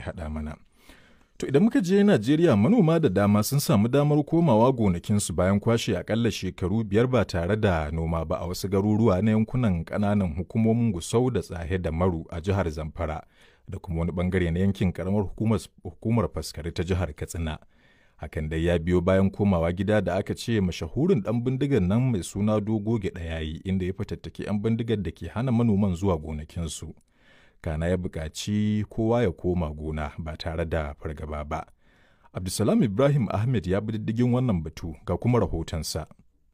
ya haɗa mana. To idan muka je Najeriya manoma da dama sun samu damar komawa gonakinsu bayan kwashe akalla shekaru biyar ba tare da noma ba a wasu garuruwa na yankunan ƙananan hukumomin Gusau da Tsahe da Maru a jihar Zamfara da kuma wani bangare na yankin karamar hukumar faskari ta jihar Katsina. Hakan dai ya biyo bayan komawa gida da aka ce mashahurin ɗan bindigar nan mai suna dogo gyaɗa yayi inda ya fatattaki 'yan bindigar da ke hana manoman zuwa gonakinsu. kana ya buƙaci kowa ya koma gona ba tare da fargaba ba abdulsalam ibrahim ahmed ya bi diddigin wannan batu ga kuma rahotonsa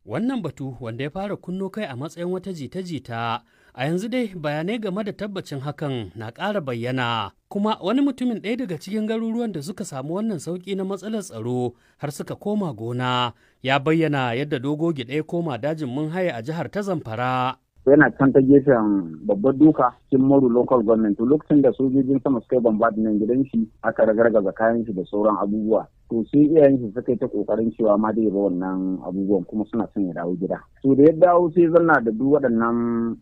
wannan batu wanda ya fara kunno kai a matsayin wata jita-jita a yanzu dai bayanai game da tabbacin hakan na ƙara bayyana kuma wani mutumin ɗaya daga cikin garuruwan da suka samu wannan sauƙi na matsalar tsaro har suka koma gona ya bayyana yadda dogogi ɗaya koma dajin mun haya a jihar ta zamfara yana can ta gefen babbar duka cikin moru local government lokacin da sojojin sama suka yi nan, gidan shi aka ragargaza kayan shi da sauran abubuwa to sai iyayen shi suka yi ta kokarin cewa ma dai ba wannan abubuwan kuma suna son ya dawo gida to da ya dawo sai zanna da duk waɗannan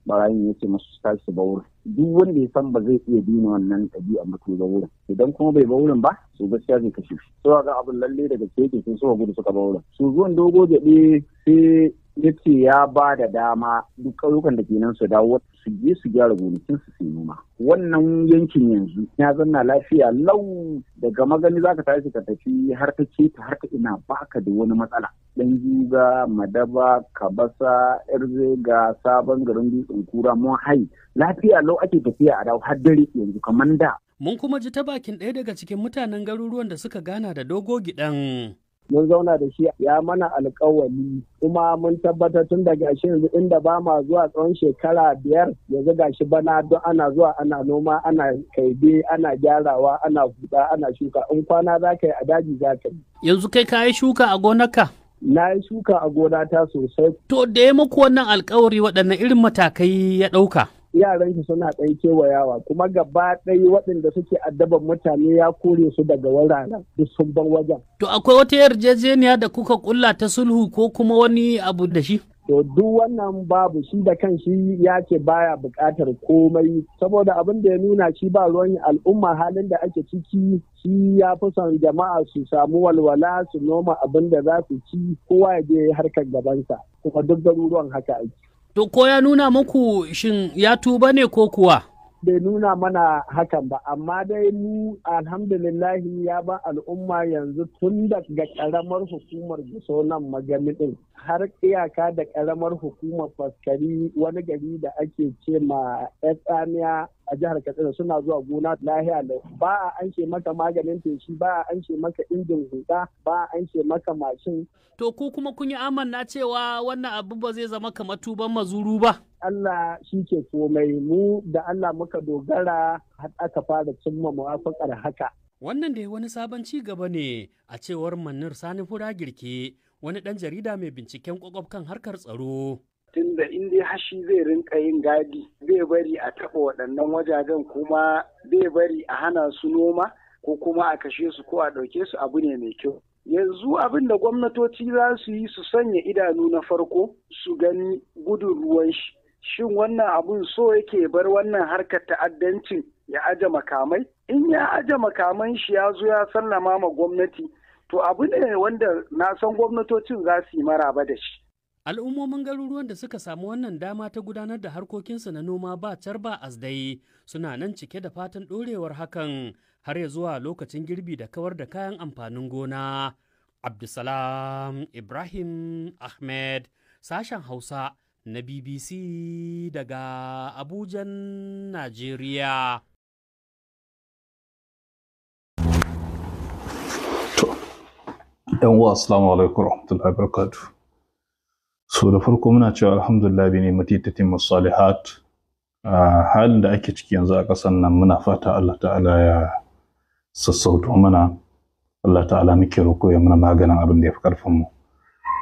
barayin ya ce masu tashi su bawur duk wanda ya san ba zai iya dina wannan ɗabi'a ba to ba wurin idan kuma bai ba wurin ba su gaskiya zai kashe shi sai ga abin lalle daga ke yake sai suka gudu suka ba wurin su zuwan dogo jaɓe sai ya ce ya ba da dama duk ƙauyukan da ke nan su dawo su je su gyara gonakin su su noma wannan yankin yanzu ya zanna lafiya lau daga magani zaka tashi ka tafi har ta keta har ka ina baka da wani matsala dan juga madaba kabasa irze ga sabon garin dutsen kura mun hai lafiya lau ake tafiya a dawo har dare yanzu kamar da mun kuma ji ta bakin ɗaya daga cikin mutanen garuruwan da suka gana da dogo gidan mun zauna da shi ya mana alkawali kuma mun tabbatar tun daga shi yanzu inda ba ma zuwa tsawon shekara biyar yanzu ga shi bana don ana zuwa ana noma ana kaibe ana gyarawa ana buɗa, ana shuka in kwana za ka yi a daji za ka yi. yanzu kai ka yi shuka a gonarka. na yi shuka a gonata sosai. to da ya muku wannan alkawari waɗanne irin matakai ya ɗauka. yaran shi suna ɗan kewayawa kuma gaba ɗaya waɗanda suke addaban mutane ya kore su daga wuraren duk sun bar wajen. To akwai wata yarjejeniya da kuka kulla ta sulhu ko kuma wani abu da shi? To duk wannan babu shi da kan shi ya ce baya buƙatar komai saboda abin da ya nuna shi ba ruwan al'umma halin da ake ciki shi ya fi son jama'a su samu walwala su noma abin da za su ci kowa ya je harkar gabansa kuma duk garuruwan haka ake. To ko ya nuna muku shin ya tuba ne ko kuwa? bai nuna mana hakan ba amma dai mu alhamdulillahi ya ba al'umma yanzu tun daga karamar hukumar guso nan din har iyaka da karamar hukumar faskari wani gari da ake ce ma tsamiya a jihar katsina suna zuwa gona lahiya lau ba a an maka maganin feshi ba a an maka injin huta ba a an maka mashin to ku kuma kun yi amanna cewa wannan abu ba zai zama kamar tuban mazuru ba Allah shi ke komai mu da Allah muka dogara har aka fara cimma mawafakar haka. Wannan dai wani sabon ci gaba ne a cewar Manir Sani Fura Girke wani ɗan jarida mai binciken kwakwaf kan harkar tsaro. Tun da in hashi zai rinka yin gadi zai bari a taɓa waɗannan wajajen kuma zai bari a hana su noma ko kuma a kashe su ko a ɗauke su abu ne mai kyau. yanzu abin da gwamnatoci za su yi su sanya idanu na farko su gani gudun ruwan shi shin wannan abun so yake bar wannan harkar ta'addancin ya aje makamai in ya aje makaman shi ya zo ya sallama ma gwamnati to abu ne wanda na san gwamnatocin za su yi maraba da shi al'ummomin garuruwan da suka samu wannan dama ta gudanar da harkokinsu na noma ba carba asdai suna nan cike da fatan ɗorewar hakan har ya zuwa lokacin girbi da kawar da kayan amfanin gona abdulsalam ibrahim ahmed sashen hausa na BBC daga Abuja, Najeriya. ‘Yan uwa, Assalamu alaikum rahmatullahi barakatu. So da farko muna cewa alhamdulillah bi ni'mati tatimmu a halin da ake ciki yanzu a ƙasar nan muna fata Allah ta'ala ya sassauto mana. Allah ta'ala muke roƙo ya mana maganin abin da ya fi ƙarfin mu.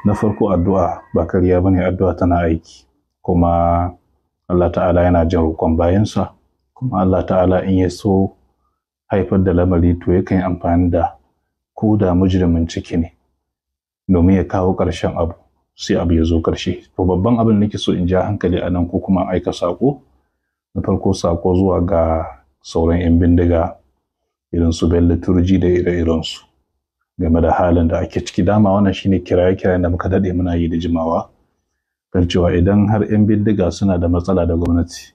na farko addu'a ba karya ba ne addu'a tana aiki kuma Allah ta'ala yana jin roƙon bayansa kuma Allah ta'ala in ya so haifar da lamari to yakan yi amfani da ko da mujrimin ciki ne domin ya kawo ƙarshen abu sai abu ya zo ƙarshe to babban abin nake so in ja hankali a nan ko kuma aika sako na farko sako zuwa ga sauran 'yan bindiga irin su bello da ire-irensu game da halin da ake ciki dama wannan shine kiraye-kirayen da muka daɗe muna yi da jimawa kan cewa idan har 'yan bindiga suna da matsala da gwamnati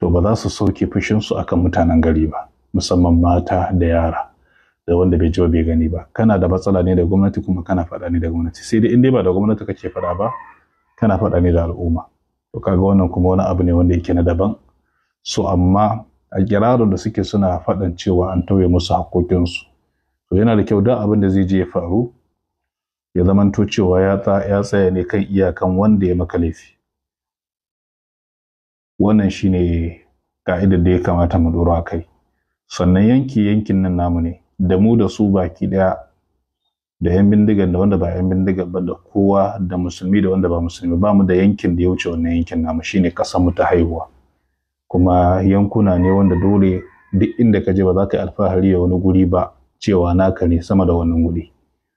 to ba za su fushin su akan mutanen gari ba musamman mata da yara da wanda bai jiwa bai gani ba kana da matsala ne da gwamnati kuma kana faɗa ne da gwamnati sai dai in dai ba da gwamnati kake faɗa ba kana faɗa ne da al'umma to kaga wannan kuma wani abu ne wanda yake na daban so amma a kirarin da suke suna faɗan cewa an tauye musu haƙoƙinsu to yana da kyau duk abin da zai je ya faru ya zamanto cewa ya tsaya ne kan iyakan wanda ya maka laifi wannan shine ka'idar da ya kamata mu dora a kai sannan yanki yankin nan namu ne da mu da su baki daya da yan bindigan da wanda ba yan bindigan ba da kowa da musulmi da wanda ba musulmi ba mu da yankin da ya wuce wannan yankin namu shine kasan mu ta haihuwa kuma yankuna ne wanda dole duk inda ka je ba za ka yi alfahari da wani guri ba cewa naka ne sama da wannan wuri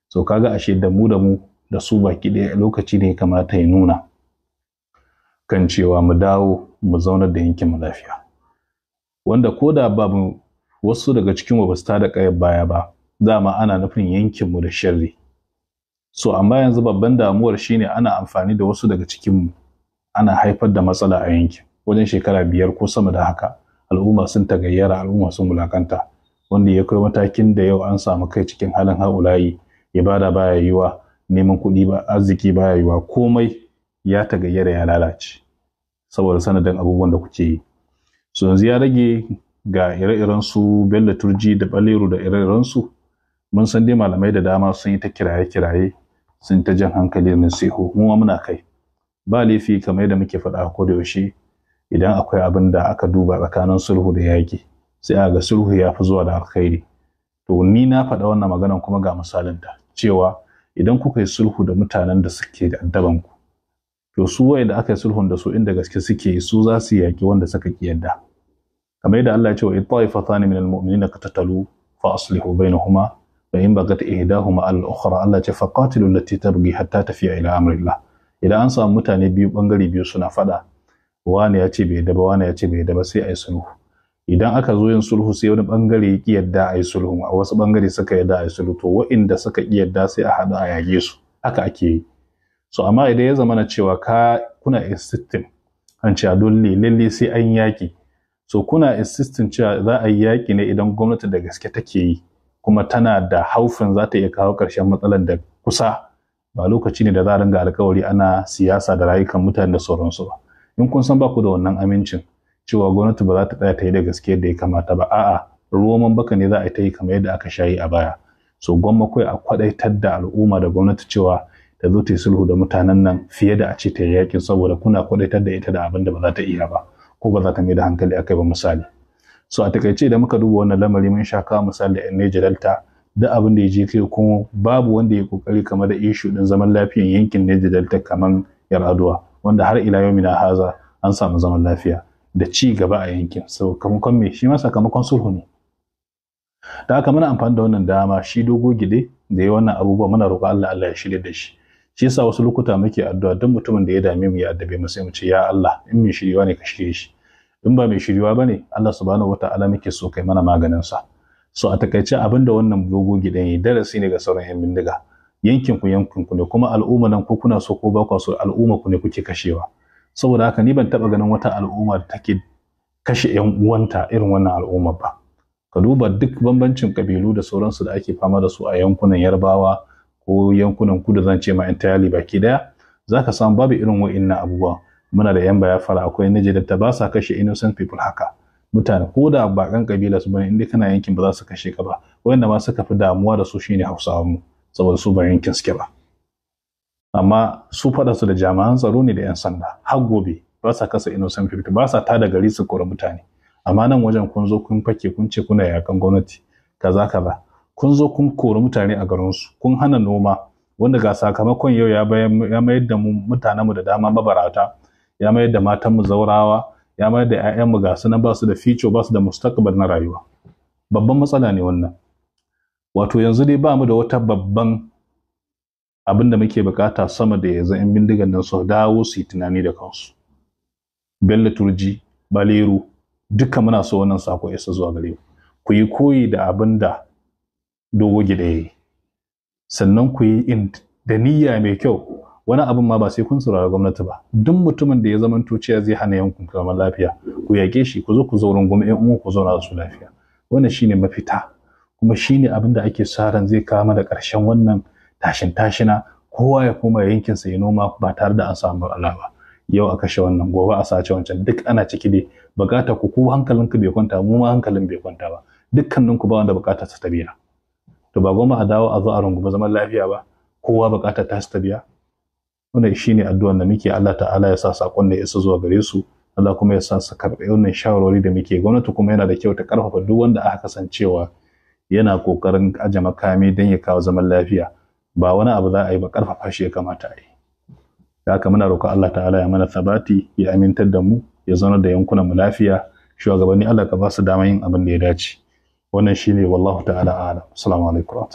so kaga ashe da mu da mu da su baki ɗaya lokaci ne kamata ya nuna kan cewa mu dawo mu zaunar da yankin mu lafiya wanda ko da babu wasu daga cikin mu ba su baya ba dama ana nufin yankin mu da sharri so amma yanzu babban damuwar shine ana amfani da wasu daga cikin mu ana haifar da matsala a yankin wajen shekara biyar ko sama da haka al'umma sun tagayyara al'umma sun mulakanta wanda ya kai matakin da yau an samu kai cikin halin haulayi ibada baya yiwa neman kuɗi ba arziki baya yiwa komai ya tagayyara ya lalace saboda sanadin abubuwan da kuke yi so yanzu ya rage ga ire-iren su Bello Turji da Baleru da ire-iren su mun san dai malamai da dama sun yi ta kiraye-kiraye sun ta jan hankali na siho kuma kuma muna kai ba laifi kamar yadda muke faɗa ko da yaushe idan akwai abin da aka duba tsakanin sulhu da yaƙi sai a ga sulhu ya fi zuwa da alkhairi to ni na faɗa wannan maganan kuma ga misalin misalinta cewa idan kuka yi sulhu da mutanen da suke da addabanku to su waye da aka yi sulhun da su inda gaske suke su za su yaƙi wanda suka ƙi yadda kamar yadda Allah ya ce wa itta'ifatan min almu'minina qatatalu fa aslihu bainahuma fa in bagat ihdahuma al ukhra Allah ce faqatilu allati tabghi hatta tafiya ila amrillah idan an samu mutane biyu bangare biyu suna faɗa wani ya ce bai yadda ba wani ya ce bai yadda ba sai a yi sulhu idan aka zo yin sulhu sai wani bangare ya ki yadda a yi sulhu a wasu bangare suka yadda a yi sulhu to wa'inda suka ki yadda sai a haɗu a yage su haka ake yi so amma idan ya zama na cewa ka kuna insistin an a dole lalle sai an yaƙi so kuna insistin cewa za a yi yaƙi ne idan gwamnati da gaske take yi kuma tana da haufin za ta iya kawo ƙarshen matsalar da kusa ba lokaci ne da za a ringa alkawari ana siyasa da rayukan mutane da sauransu ba in kun san ba ku da wannan amincin cewa gwamnati ba za ta tsaya ta yi da gaske da ya kamata ba a'a ruwan baka ne za a ta yi kamar yadda aka shayi a baya so gwamma kai a kwadaitar da al'umma da gwamnati cewa ta zo ta yi sulhu da mutanen nan fiye da a ce ta yi yakin saboda kuna kwadaitar da ita da abin da ba za ta iya ba ko ba za ta mai da hankali a kai ba misali so a takaice da muka duba wannan lamari mun sha kawo misali da yan Niger Delta duk abin da ya je kai kuma babu wanda ya kokari kamar da ishu din zaman lafiyan yankin Niger Delta kamar aduwa wanda har ila yau mina haza an samu zaman lafiya da ci gaba a yankin sakamakon me shi ma sakamakon sulhu ne da haka muna amfani da wannan dama shi dogo gide da ya wannan abubuwa muna roƙo Allah Allah ya shirye da shi shi yasa wasu lokuta muke addu'a duk mutumin da ya dame mu ya addabe mu sai mu ce ya Allah in mai shiriwa ne ka shirye shi in ba mai shiriwa bane Allah subhanahu wataala muke so kai mana maganin sa so a takaice abin da wannan dogo gidan yi darasi ne ga sauran yan bindiga yankin ku yankin ku ne kuma al'umma nan ko kuna so ko ba ku so al'umma ku ne kuke kashewa saboda haka ni ban taba ganin wata al'umma da take kashe 'yan uwanta irin wannan al'umma ba ka duba duk bambancin kabilu da sauransu da ake fama da su a yankunan yarbawa ko yankunan kudu zan ce ma entirely baki daya zaka samu babu irin wa'innan abubuwa muna da yan bayafara akwai nijar da ba sa kashe innocent people haka mutane ko da bakan kabila su bane inda kana yankin ba za su kashe ka ba wanda ma suka fi damuwa da su shine hausawa mu saboda su ba yankin suke ba amma su faɗa su da jami'an tsaro ne da 'yan sanda har gobe ba sa kasa innocent people ba sa tada gari su kora mutane amma nan wajen kun zo kun fake kun ce kuna yakan gwamnati kaza kaza kun zo kun kori mutane a garinsu kun hana noma wanda ga sakamakon yau ya ya mayar da mu mutanenmu da dama mabarata ya mayar da matanmu zaurawa ya mayar da 'ya'yanmu ga su nan ba su da fico ba su da mustaqbal na rayuwa babban matsala ne wannan wato yanzu dai ba mu da wata babban abin da muke bukata sama da yanzu in bindigan nan su dawo su yi tunani da kansu bello turji baleru duka muna so wannan sako isa zuwa gare ku ku yi koyi da abin da dogo gida yayi sannan ku yi da niyya mai kyau wani abin ma ba sai kun saurari gwamnati ba duk mutumin da ya zama tuciya zai hana yankun zaman lafiya ku yake shi ku zo ku zo rungume ƴan uwa ku zauna da su lafiya wannan shine mafita kuma shine abin da ake sa ran zai kama da ƙarshen wannan tashin tashina kowa ya koma yankinsa ya noma ba tare da an samu matsala ba yau a kashe wannan gobe a sace wancan duk ana ciki dai bukata ku ko hankalinku bai kwanta mu ma hankalin bai kwanta ba dukkaninku ba wanda bukatar ta biya to ba goma a dawo a zo a rungumi zaman lafiya ba kowa bukata ta ta tabiya wannan shine addu'ar da muke Allah ta'ala ya sa sakon da isa zuwa gare su Allah kuma ya sa su karɓi wannan shawarwari da muke gwamnati kuma yana da kyau ta karfafa duk wanda aka kasancewa yana kokarin aje makami don ya kawo zaman lafiya ba wani abu za a yi ba karfafa shi ya kamata a yi Ya haka muna roƙon Allah ta'ala ya mana sabati ya amintar da mu ya zauna da yankunan mu lafiya shugabanni Allah ka ba su dama yin abin da ya dace wannan shine wallahu ta'ala a'lam assalamu alaikum